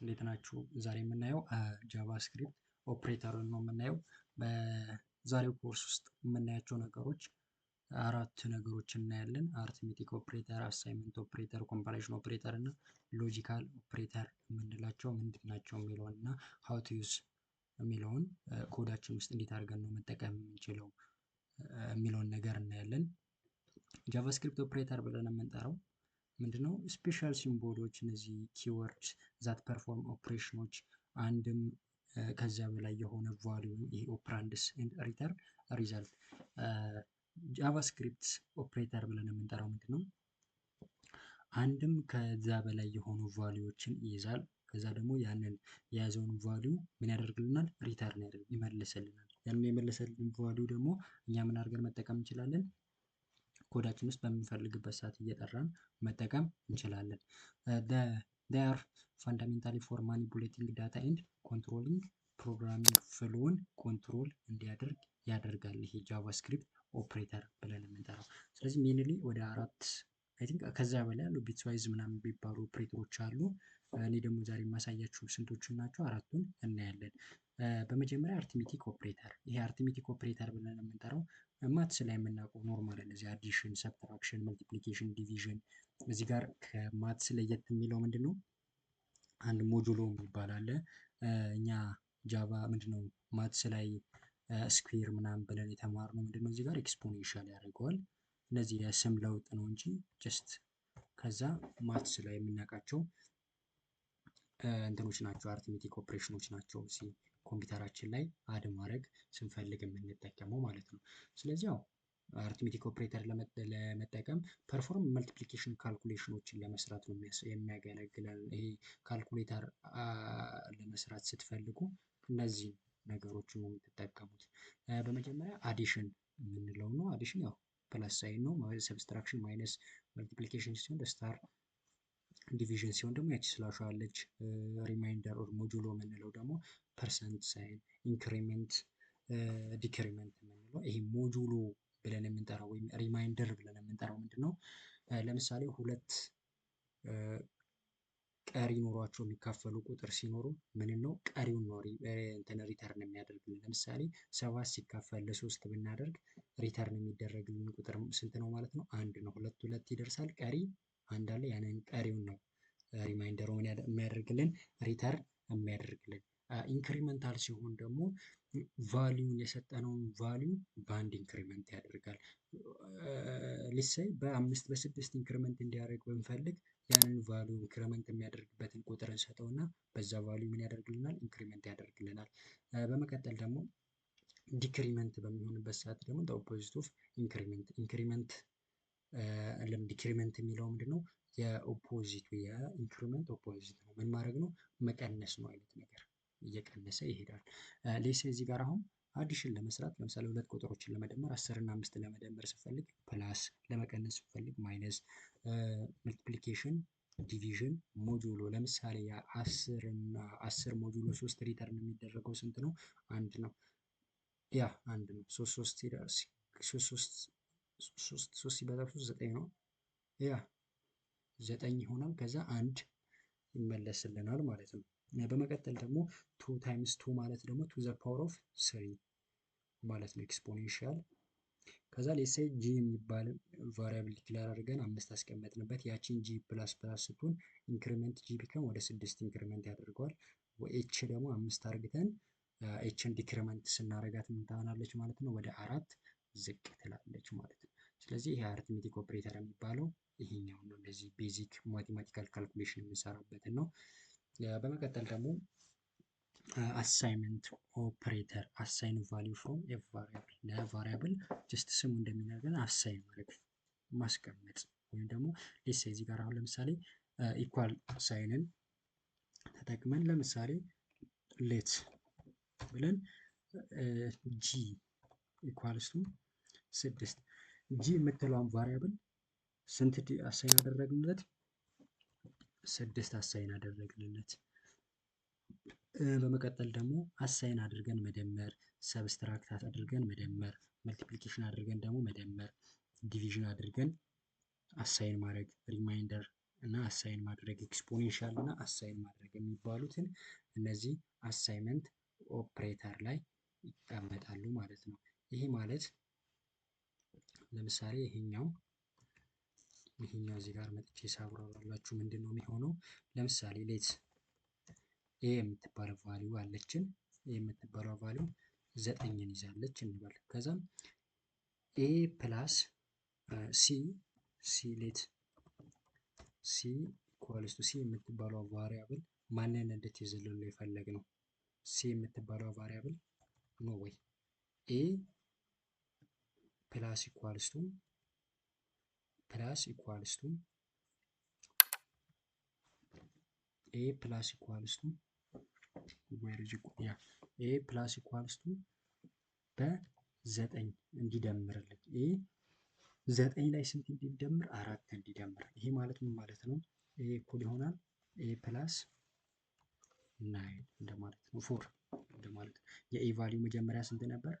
እንዴት ናችሁ? ዛሬ የምናየው ጃቫስክሪፕት ኦፕሬተርን ነው የምናየው። በዛሬው ኮርስ ውስጥ የምናያቸው ነገሮች አራት ነገሮች እናያለን። አርትሜቲክ ኦፕሬተር፣ አሳይመንት ኦፕሬተር፣ ኮምፓሌሽን ኦፕሬተር እና ሎጂካል ኦፕሬተር የምንላቸው ምንድን ናቸው የሚለውን እና ሀው ቱ ዩዝ የሚለውን ኮዳችን ውስጥ እንዴት አድርገን ነው መጠቀም የምንችለው የሚለውን ነገር እናያለን። ጃቫስክሪፕት ኦፕሬተር ብለን የምንጠራው ምንድነው ስፔሻል ሲምቦሎች እነዚህ ኪወርድ ዛት ፐርፎርም ኦፕሬሽኖች አንድም ከዚያ በላይ የሆነ ቫሊዩ ይሄ ኦፕራንድስ ሪተርን ሪዛልት ጃቫስክሪፕት ኦፕሬተር ብለን የምንጠራው ምንድነው አንድም ከዛ በላይ የሆኑ ቫሊዎችን ይይዛል። ከዛ ደግሞ ያንን የያዘውን ቫሊዩ ምን ያደርግልናል? ሪተርን ይመልስልናል። ያንን የመለሰልን ቫሉ ደግሞ እኛ ምን አድርገን መጠቀም እንችላለን? ኮዳችን ውስጥ በምንፈልግበት ሰዓት እየጠራን መጠቀም እንችላለን። ዜይ አር ፈንዳሜንታሊ ፎር ማኒፑሌቲንግ ዳታ ኤንድ ኮንትሮሊንግ ፕሮግራሚንግ ፍሎውን ኮንትሮል እንዲያደርግ ያደርጋል። ይሄ ጃቫስክሪፕት ኦፕሬተር ብለን የምንጠራው ስለዚህ ሜንሊ ወደ አራት አይ ቲንክ ከዛ በላይ ያሉ ቢትስ ምናምን የሚባሉ ኦፕሬተሮች አሉ። እኔ ደግሞ ዛሬ የማሳያችሁ ስንቶቹ ናቸው? አራቱን እናያለን። በመጀመሪያ አርትሜቲክ ኦፕሬተር። ይሄ አርትሜቲክ ኦፕሬተር ብለን የምንጠራው ማትስ ላይ የምናውቀው ኖርማል እንደዚህ አዲሽን፣ ሰብትራክሽን፣ መልቲፕሊኬሽን፣ ዲቪዥን እዚህ ጋር ከማትስ ለየት የሚለው ምንድን ነው? አንድ ሞጁሎ የሚባል አለ። እኛ ጃቫ ምንድን ነው ማትስ ላይ ስኩዌር ምናምን ብለን የተማርነው ምንድን ነው እዚህ ጋር ኤክስፖኔንሻል ያደርገዋል። እነዚህ የስም ለውጥ ነው እንጂ ጀስት ከዛ ማትስ ላይ የምናውቃቸው እንትኖች ናቸው፣ አርትሜቲክ ኦፕሬሽኖች ናቸው። ኮምፒውተራችን ላይ አድ ማድረግ ስንፈልግ የምንጠቀመው ማለት ነው። ስለዚህ ያው አርትሜቲክ ኦፕሬተር ለመጠቀም ፐርፎርም መልቲፕሊኬሽን ካልኩሌሽኖችን ለመስራት ነው የሚያገለግለን። ይሄ ካልኩሌተር ለመስራት ስትፈልጉ እነዚህ ነገሮች ነው የምትጠቀሙት። በመጀመሪያ አዲሽን የምንለው ነው። አዲሽን ያው ፕለስ ሳይን ነው። ሰብስትራክሽን ማይነስ መልቲፕሊኬሽን ሲሆን ስታር ዲቪዥን ሲሆን ደግሞ ያቺ ስላሿ ያለች ሪማይንደር ኦር ሞጁሎ የምንለው ደግሞ ፐርሰንት ሳይን ኢንክሪመንት ዲክሪመንት የምንለው ይሄ ሞጁሎ ብለን የምንጠራው ወይም ሪማይንደር ብለን የምንጠራው ምንድን ነው? ለምሳሌ ሁለት ቀሪ ኖሯቸው የሚካፈሉ ቁጥር ሲኖሩ ምንን ነው ቀሪውን ኖሪ እንትን ሪተርን የሚያደርግልን ለምሳሌ ሰባት ሲካፈል ለሶስት ብናደርግ ሪተርን የሚደረግልን ቁጥር ስንት ነው ማለት ነው? አንድ ነው። ሁለት ሁለት ይደርሳል ቀሪ አንድ አለ ያንን ቀሪውን ነው ሪማይንደር የሚያደርግልን ሪተር የሚያደርግልን። ኢንክሪመንታል ሲሆን ደግሞ ቫሊዩን የሰጠነውን ቫሊዩ በአንድ ኢንክሪመንት ያደርጋል። ልሳይ በአምስት በስድስት ኢንክሪመንት እንዲያደርግ ብንፈልግ ያንን ቫሊዩ ኢንክሪመንት የሚያደርግበትን ቁጥር እንሰጠውና በዛ ቫሊዩ ምን ያደርግልናል? ኢንክሪመንት ያደርግልናል። በመቀጠል ደግሞ ዲክሪመንት በሚሆንበት ሰዓት ደግሞ ኦፖዚት ኦፍ ኢንክሪመንት ኢንክሪመንት ለም ዲክሪመንት የሚለው ነው? የኦፖዚቱ የኢንክሪመንት ኦፖዚት ነው። ምን ማድረግ ነው? መቀነስ ነው አይነት ነገር እየቀነሰ ይሄዳል። ሌሴ እዚህ ጋር አሁን አዲሽን ለመስራት ለምሳሌ ሁለት ቁጥሮችን ለመደመር አስር እና አምስት ለመደመር ስፈልግ ፕላስ፣ ለመቀነስ ስፈልግ ማይነስ፣ መልቲፕሊኬሽን፣ ዲቪዥን፣ ሞጁሎ ለምሳሌ አስር እና አስር ሞጁሎ ሶስት ሪተርን የሚደረገው ስንት ነው? አንድ ነው። ያ አንድ ነው። ሶስት ሶስት ሶስት ሶስት ሲባዛ ሶስት ዘጠኝ ነው። ያ ዘጠኝ ሆነም ከዛ አንድ ይመለስልናል ማለት ነው። በመቀጠል ደግሞ ቱ ታይምስ ቱ ማለት ደግሞ ቱ ዘ ፓወር ኦፍ ስሪ ማለት ነው ኤክስፖኔንሻል። ከዛ ሌሴ ጂ የሚባል ቫሪያብል ዲክላር አድርገን አምስት አስቀመጥንበት። ያቺን ጂ ፕላስ ፕላስ ስትሆን ኢንክሪመንት ጂ ቢከም ወደ ስድስት ኢንክሪመንት ያደርገዋል። ኤች ደግሞ አምስት አርግተን ኤችን ዲክሪመንት ስናረጋት ምንታሆናለች ማለት ነው ወደ አራት ዝቅ ትላለች ማለት ነው። ስለዚህ ይሄ አርትሜቲክ ኦፕሬተር የሚባለው ይሄኛው ነው። እንደዚህ ቤዚክ ማቴማቲካል ካልኩሌሽን የምንሰራበትን ነው። በመቀጠል ደግሞ አሳይመንት ኦፕሬተር አሳይን ቫሊዩ ፍሮም ቫሪያብል ለቫሪያብል ጀስት ስሙ እንደሚናገር አሳይን ማድረግ ማስቀመጥ ወይም ደግሞ ሌሳ እዚህ ጋር አሁን ለምሳሌ ኢኳል ሳይንን ተጠቅመን ለምሳሌ ሌት ብለን ጂ ኢኳልስቱ ስድስት ጂ የምትለውን ቫሪያብል ስንት አሳይን አደረግንለት? ስድስት አሳይን አደረግንለት። በመቀጠል ደግሞ አሳይን አድርገን መደመር፣ ሰብስትራክት አድርገን መደመር፣ መልቲፕሊኬሽን አድርገን ደግሞ መደመር፣ ዲቪዥን አድርገን አሳይን ማድረግ፣ ሪማይንደር እና አሳይን ማድረግ፣ ኤክስፖኔንሻል እና አሳይን ማድረግ የሚባሉትን እነዚህ አሳይመንት ኦፕሬተር ላይ ይቀመጣሉ ማለት ነው። ይሄ ማለት ለምሳሌ ይሄኛው ይሄኛው እዚህ ጋር መጥቼ ሳብራራላችሁ ምንድን ነው የሚሆነው? ለምሳሌ ሌት ኤ የምትባለው ቫሊዩ አለችን። ኤ የምትባለው ቫሊዩ ዘጠኝን ይዛለች እንበል። ከዛም ኤ ፕላስ ሲ ሲ ሌት ሲ ኢኳልስ ቱ ሲ የምትባለው ቫሪያብል ማንን እንዴት ይዝልን የፈለግ ነው? ሲ የምትባለው ቫሪያብል ነው ወይ ኤ ፕላስ ኢኳልስ ቱ ፕላስ ኢኳልስ ቱ ኤ ፕላስ ኢኳልስ ቱ ኤ ፕላስ ኢኳልስ ቱ በዘጠኝ እንዲደምርልን ኤ ዘጠኝ ላይ ስንት እንዲደምር አራት እንዲደምር። ይሄ ማለት ምን ማለት ነው? ኤ እኩል ይሆናል ኤ ፕላስ ናይን እንደማለት ነው። ፎር እንደማለት የኤ ቫሊዩ መጀመሪያ ስንት ነበር?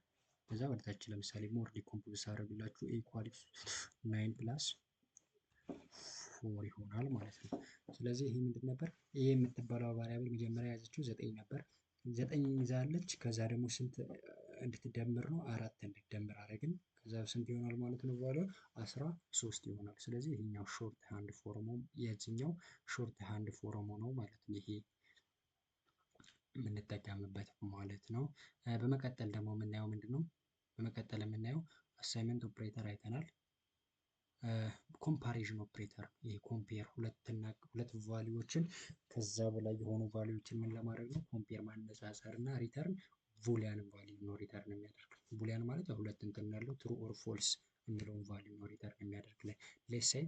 ከዛ ወደታች ለምሳሌ ሞር ዲኮምፖዝ ሳደርግላችሁ ኤ ኢኳል ናይን ፕላስ ፎር ይሆናል ማለት ነው። ስለዚህ ይህ ምንድን ነበር? ኤ የምትባለው ቫሪያብል መጀመሪያ የያዘችው ዘጠኝ ነበር። ዘጠኝ ይዛለች። ከዛ ደግሞ ስንት እንድትደምር ነው? አራት እንድትደምር አደረግን። ከዛ ስንት ይሆናል ማለት ነው? ባለ አስራ ሶስት ይሆናል። ስለዚህ ይሄኛው ሾርት ሃንድ ፎርሞ የዚህኛው ሾርት ሃንድ ፎርሞ ነው ማለት ነው ይሄ የምንጠቀምበት ማለት ነው። በመቀጠል ደግሞ የምናየው ነው? በመቀጠል የምናየው አሳይመንት ኦፕሬተር አይተናል። ኮምፓሪዥን ኦፕሬተር ይህ ኮምፔር ሁለትና ሁለት ቫሊዎችን ከዛ በላይ የሆኑ ቫሊዎችን ምን ለማድረግ ነው? ኮምፔር ማነጻጸር እና ሪተርን ቡሊያን ቫሊዩ ነው ሪተርን የሚያደርግ ቡሊያን ማለት ሁለት እንትን ያለው ትሩ ኦር ፎልስ የሚለውን ቫሊዩ ነው ሪተርን የሚያደርግ ላይ ሌሳይ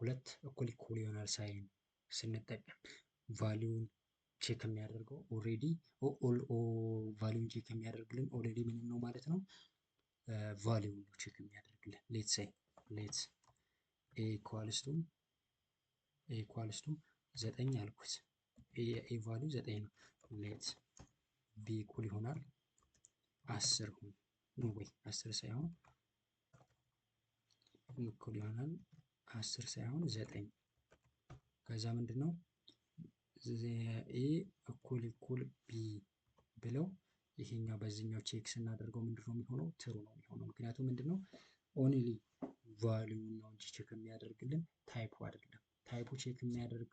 ሁለት እኩል እኩል ይሆናል ሳይን ስንጠቀም ቫሊዩን ቼክ የሚያደርገው ኦሬዲ ቫሊዩን ቼክ የሚያደርግልን ኦሬዲ ምን ነው ማለት ነው ቫሊዩ ነው ቼክ የሚያደርግልን ሌት ሳይ ሌት ኤኳልስቱ ኤኳልስቱ ዘጠኝ አልኩት ኤ ቫሊው ዘጠኝ ነው ሌት ቢ እኩል ይሆናል አስር ሆን ወይ አስር ሳይሆን እኩል ይሆናል አስር ሳይሆን ዘጠኝ ከዛ ምንድን ነው ኤ እኩል እኩል ቢ ብለው ይሄኛው በዚህኛው ቼክ ስናደርገው ምንድነው የሚሆነው ትሩ ነው የሚሆነው። ምክንያቱም ምንድነው ኦንሊ ቫሊዩ ነው እንጂ ቼክ የሚያደርግልን ታይፑ አይደለም። ታይፑ ቼክ የሚያደርግ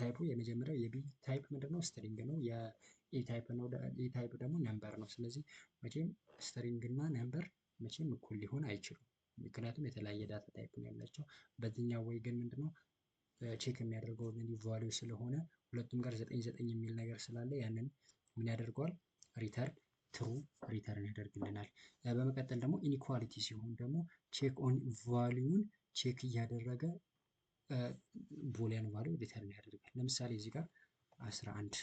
ታይፑ የመጀመሪያው የቢ ታይፕ ነው? ስትሪንግ ነው። የኤ ታይፕ ነው። ኤ ታይፕ ደግሞ ነምበር ነው። ስለዚህ መቼም ስትሪንግ እና ነምበር መቼም እኩል ሊሆን አይችሉም። ምክንያቱም የተለያየ ዳታ ታይፕ ነው ያላቸው። በዚህኛው ወይ ግን ምንድነው ቼክ የሚያደርገው ቫሊዩ ስለሆነ ሁለቱም ጋር ዘጠኝ ዘጠኝ የሚል ነገር ስላለ ያንን ምን ያደርገዋል ሪተርን ትሩ ሪተርን ያደርግልናል። በመቀጠል ደግሞ ኢኒኳሊቲ ሲሆን ደግሞ ቼክ ኦን ቫሊዩን ቼክ እያደረገ ቦሊያን ቫሊዩ ሪተርን ያደርጋል። ለምሳሌ እዚህ ጋር 11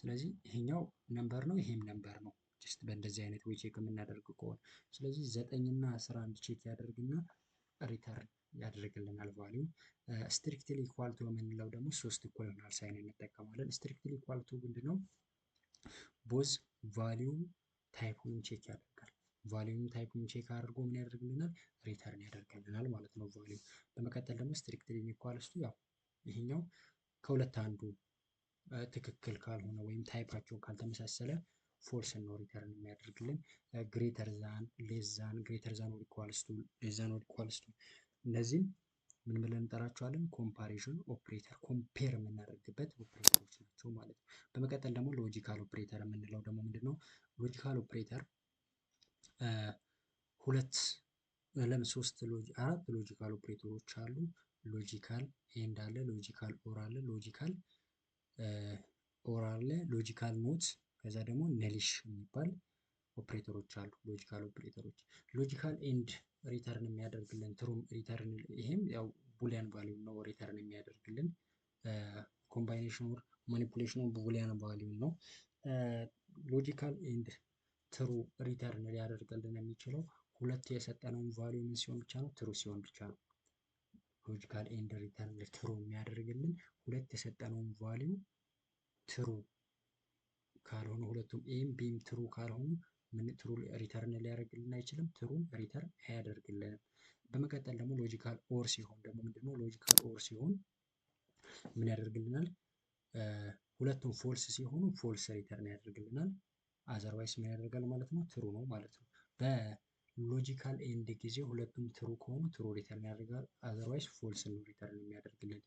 ስለዚህ ይሄኛው ነምበር ነው፣ ይሄም ነምበር ነው። ጀስት በእንደዚህ አይነት ወይ ቼክ የምናደርግ ከሆነ ስለዚህ ዘጠኝና አስራ አንድ ቼክ ያደርግና ሪተርን ያደርግልናል ቫሊዩ። ስትሪክትሊ ኢኳል ቱ የምንለው ደግሞ ሶስት እኩል ይሆናል ሳይን እንጠቀማለን። ስትሪክትሊ ኢኳል ቱ ምንድን ነው? ቦዝ ቫሊዩ ታይፑን ቼክ ያደርጋል። ቫሊዩም ታይፑን ቼክ አድርጎ ምን ያደርግልናል? ሪተርን ያደርግልናል ማለት ነው ቫሊዩ። በመቀጠል ደግሞ ስትሪክትሊ ኢኳልስ ቱ ያው ይሄኛው ከሁለት አንዱ ትክክል ካልሆነ ወይም ታይፓቸው ካልተመሳሰለ ፎልስ ነው ሪተርን የሚያደርግልን። ግሬተር ዛን ሌስ ዛን ግሬተር ዛን ኦር ኢኳልስ ቱ ሌስ ዛን ኦር ኢኳልስ ቱ እነዚህም ምን ብለን እንጠራቸዋለን? ኮምፓሪዥን ኦፕሬተር ኮምፔር የምናደርግበት ኦፕሬተሮች ናቸው ማለት ነው። በመቀጠል ደግሞ ሎጂካል ኦፕሬተር የምንለው ደግሞ ምንድን ነው? ሎጂካል ኦፕሬተር ሁለት ለም ሶስት አራት ሎጂካል ኦፕሬተሮች አሉ። ሎጂካል ኤንድ አለ፣ ሎጂካል ኦር አለ፣ ሎጂካል ኦር አለ፣ ሎጂካል ኖት ከዛ ደግሞ ነሊሽ የሚባል ኦፕሬተሮች አሉ። ሎጂካል ኦፕሬተሮች ሎጂካል ኤንድ ሪተርን የሚያደርግልን ትሩም ሪተርን ይሄም ያው ቡሊያን ቫሊዩ ነው ሪተርን የሚያደርግልን ኮምባይኔሽን ወር ማኒፑሌሽኑ ቡሊያን ቫሊዩ ነው። ሎጂካል ኤንድ ትሩ ሪተርን ሊያደርግልን የሚችለው ሁለት የሰጠነውን ቫሊዩ ምን ሲሆን ብቻ ነው? ትሩ ሲሆን ብቻ ነው። ሎጂካል ኤንድ ሪተርን ትሩ የሚያደርግልን ሁለት የሰጠነውን ቫሊዩ ትሩ ካልሆነ ሁለቱም ኤም ቢም ትሩ ካልሆኑ ምን ትሩ ሪተርን ሊያደርግልን አይችልም። ትሩን ሪተርን አያደርግልንም። በመቀጠል ደግሞ ሎጂካል ኦር ሲሆን ደግሞ ምንድነው ሎጂካል ኦር ሲሆን ምን ያደርግልናል? ሁለቱም ፎልስ ሲሆኑ ፎልስ ሪተርን ያደርግልናል። አዘርዋይስ ምን ያደርጋል ማለት ነው? ትሩ ነው ማለት ነው። ሎጂካል ኤንድ ጊዜ ሁለቱም ትሩ ከሆኑ ትሩ ሪተርን ያደርጋል። አዘርዋይስ ፎልስ ነው ሪተርን የሚያደርግልን።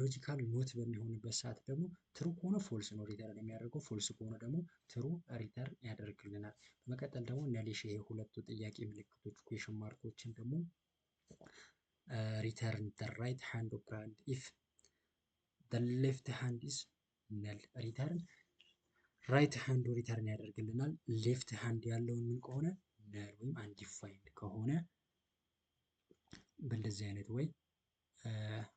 ሎጂካል ኖት በሚሆንበት ሰዓት ደግሞ ትሩ ከሆነ ፎልስ ነው ሪተርን የሚያደርገው፣ ፎልስ ከሆነ ደግሞ ትሩ ሪተርን ያደርግልናል። በመቀጠል ደግሞ ነሊሽ ይሄ ሁለቱ ጥያቄ ምልክቶች ኩዌሽን ማርኮችን ደግሞ ሪተርን ደ ራይት ሃንድ ኦፍ ግራንድ ኢፍ ደ ሌፍት ሃንድ ኢዝ ነል ሪተርን ራይት ሃንድ ሪተርን ያደርግልናል። ሌፍት ሃንድ ያለውን ምን ከሆነ ወይም አንዲፋይንድ ከሆነ በእንደዚህ አይነት ወይ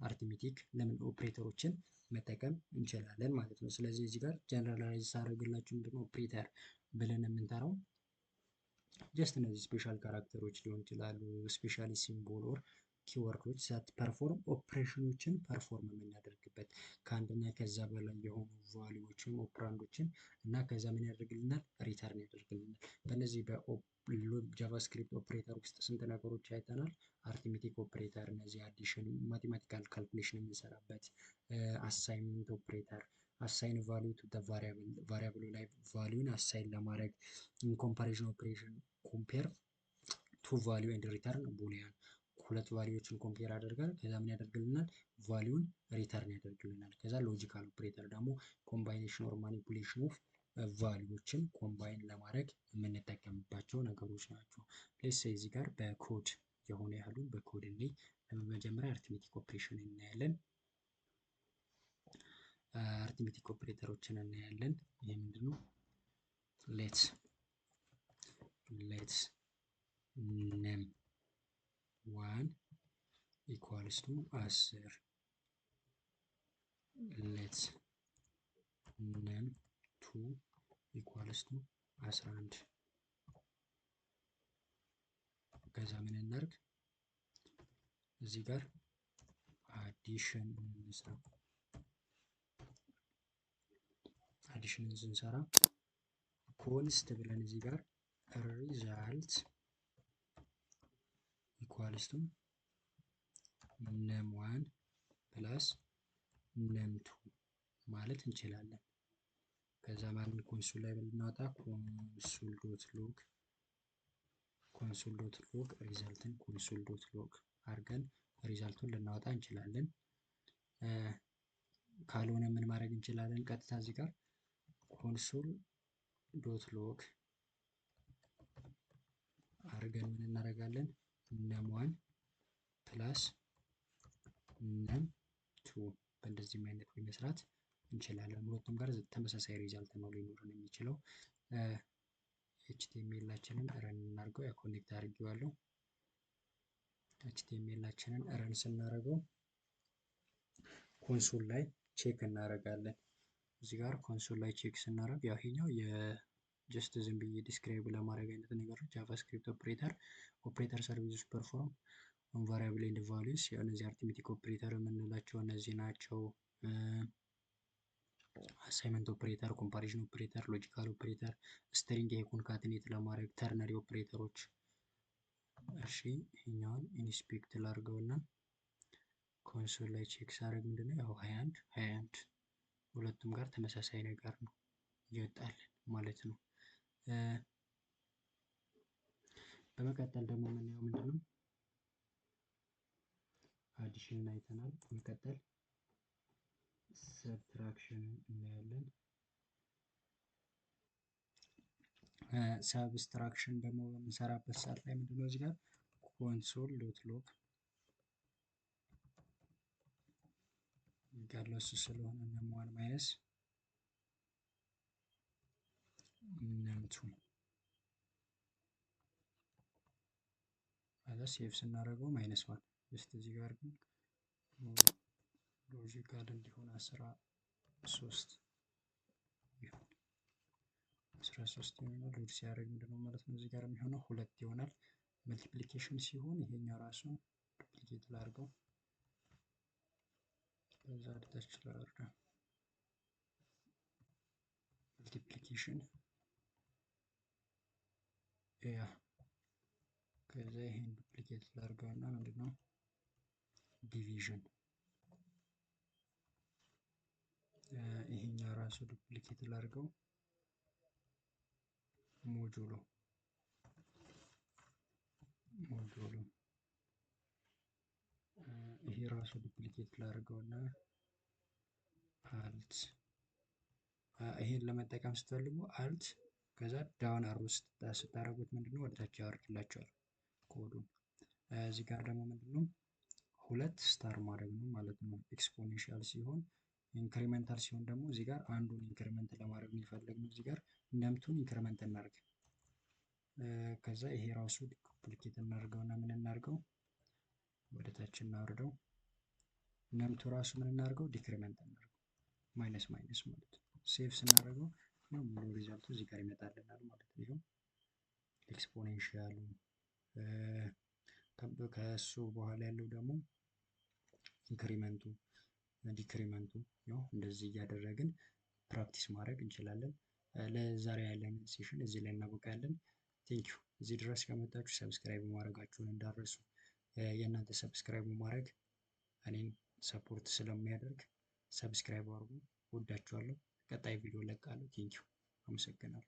አርትሜቲክ ለምን ኦፕሬተሮችን መጠቀም እንችላለን ማለት ነው። ስለዚህ እዚህ ጋር ጀነራላይዝ ሳደርግላችሁ ምንድነው ኦፕሬተር ብለን የምንጠራው ጀስት እነዚህ ስፔሻል ካራክተሮች ሊሆን ይችላሉ፣ ስፔሻሊ ሲምቦል ኦር ኪወርዶች ፐርፎርም ኦፕሬሽኖችን ፐርፎርም የምናደርግበት ከአንድና ከዛ በላይ የሆኑ ቫሊዎችን ኦፕራንዶችን እና ከዛ ምን ያደርግልናል ሪተርን ያደርግልናል። በእነዚህ በጃቫስክሪፕት ኦፕሬተር ውስጥ ስንት ነገሮች አይተናል። አርትሜቲክ ኦፕሬተር፣ እነዚህ አዲሽን ማቴማቲካል ካልኩሌሽን የምንሰራበት አሳይንመንት ኦፕሬተር አሳይን ቫሊዩ ቱ ቫሪያብሉ ላይ ቫሊዩን አሳይን ለማድረግ ኢንኮምፓሬሽን ኦፕሬሽን ኮምፔር ቱ ቫሊዩ ኤንድ ሪተርን ቡሊያን ሁለት ቫሊዎችን ኮምፔር ያደርጋል። ከዛ ምን ያደርግልናል? ቫሊውን ሪተርን ያደርግልናል። ከዛ ሎጂካል ኦፕሬተር ደግሞ ኮምባይኔሽን ኦር ማኒፑሌሽን ኦፍ ቫሊዎችን ኮምባይን ለማድረግ የምንጠቀምባቸው ነገሮች ናቸው። ሌስ እዚህ ጋር በኮድ የሆነ ያሉ በኮድ እኔ ለመጀመሪያ አርትሜቲክ ኦፕሬሽን እናያለን። አርትሜቲክ ኦፕሬተሮችን እናያለን። ይህ ምንድን ነው? ሌትስ ሌትስ ነም ዋን ኢኳልስ ቱ አስር ሌትስ ነን ቱ ኢኳልስ ቱ አስራ አንድ ከዛ ምን እናርግ እዚህ ጋር አዲሽን እንስራ። አዲሽንን ስንሰራ ኮንስት ብለን እዚህ ጋር ሪዛልት ኢኳልስቱ ነም ዋን ፕላስ ነምቱ ማለት እንችላለን። ከዛ ማንን ኮንሱል ላይ ብናወጣ ኮንሱል ዶት ሎግ ኮንሱል ዶት ሎግ ሪዛልትን ኮንሱል ዶት ሎግ አድርገን ሪዛልቱን ልናወጣ እንችላለን። ካልሆነ ምን ማድረግ እንችላለን? ቀጥታ እዚህ ጋር ኮንሱል ዶት ሎግ አድርገን ምን እናደርጋለን? ነም ዋን ፕላስ ነም ቱ በእንደዚህ አይነት መስራት እንችላለን። ሁለቱም ጋር ተመሳሳይ ሪዛልት ነው ሊኖረን የሚችለው። ኤችቲኤምኤላችንን ረን እናርገው። ያ ኮኔክት አድርጌዋለሁ። ኤችቲኤምኤላችንን ረን ስናደርገው ኮንሶል ላይ ቼክ እናደርጋለን። እዚህ ጋር ኮንሶል ላይ ቼክ ስናደርግ ያው ይሄኛው ጀስት ዝም ብዬ ዲስክራይብ ለማድረግ አይነት ነገሮች ጃቫስክሪፕት ኦፕሬተር ኦፕሬተር ሰርቪሶች ፐርፎርም ኦን ቫሪያብል ኤንድ ቫሉስ እነዚህ አርትሜቲክ ኦፕሬተር የምንላቸው እነዚህ ናቸው። አሳይመንት ኦፕሬተር፣ ኮምፓሪሽን ኦፕሬተር፣ ሎጂካል ኦፕሬተር፣ ስትሪንግ የኮንካትኔት ለማድረግ ተርነሪ ኦፕሬተሮች። እሺ ይህኛውን ኢንስፔክት ላድርገውና ኮንሶል ላይ ቼክ ሳደርግ ምንድነው ያው ሀያ አንድ ሀያ አንድ ሁለቱም ጋር ተመሳሳይ ነገር ነው ይወጣል ማለት ነው። በመቀጠል ደግሞ የምናየው ምንድነው? አዲሽንን አይተናል። በመቀጠል ሰብትራክሽን እናያለን። ሰብስትራክሽን ደግሞ በምንሰራበት ሰዓት ላይ ምንድነው እዚህ ጋር ኮንሶል ዶት ሎግ ጋር ስለሆነ ስለሆነ ነሟል ማይነስ ቱ ከዛ ሴቭ ስናደርገው ማይነስ ዋን ጀስት እዚህ ጋር ግን ሎጂካል እንዲሆን አስራ ሶስት አስራ ሶስት የሚሆነው ሎድ ሲያደርግ ምንድነው ማለት ነው እዚህ ጋር የሚሆነው ሁለት ይሆናል። መልቲፕሊኬሽን ሲሆን ይሄኛው ራሱ ዱፕሊኬት ላድርገው ከዛ አድታች ላድርገው መልቲፕሊኬሽን ያ ከዛ ይሄን ዱፕሊኬት ምንድን ነው ዲቪዥን ይሄኛ ራሱ ዱፕሊኬት ላርገው ሞጁሎ ሞጁሎ ይሄ ራሱ ዱፕሊኬት እና አልት ይሄን ለመጠቀም ስትፈልጉ አልት ከዛ ዳውን አሮ ስታረጉት ምንድነው ወደታች ያወርድላቸዋል ኮዱን። እዚህ ጋር ደግሞ ምንድነው ሁለት ስታር ማድረግ ነው ማለት ነው። ኤክስፖኔንሻል ሲሆን ኢንክሪመንታል ሲሆን ደግሞ እዚህ ጋር አንዱን ኢንክሪመንት ለማድረግ ነው የፈለግነው። እዚህ ጋር ነምቱን ኢንክሪመንት እናደርግ ከዛ ይሄ ራሱ ዱፕሊኬት እናደርገው እና ምን እናደርገው ወደታች እናወርደው። ነምቱ ራሱ ምን እናደርገው ዲክሪመንት እናደርገው ማይነስ ማይነስ ማለት ነው። ሴቭ ስናደርገው ነው ሙሉ ሪዛልቱ እዚህ ጋር ይመጣልናል ማለት ነው። ይኸው ኤክስፖኔንሻሉ ከእሱ በኋላ ያለው ደግሞ ኢንክሪመንቱ ዲክሪመንቱ ነው። እንደዚህ እያደረግን ፕራክቲስ ማድረግ እንችላለን። ለዛሬ ያለን ሴሽን እዚህ ላይ እናበቃለን። ቴንክ ዩ። እዚህ ድረስ ከመጣችሁ ሰብስክራይብ ማድረጋችሁን እንዳረሱ። የእናንተ ሰብስክራይብ ማድረግ እኔን ሰፖርት ስለሚያደርግ ሰብስክራይብ አድርጉ። ወዳችኋለሁ። ቀጣይ ቪዲዮ ለቃለሁ። ቴንኪው። አመሰግናለሁ።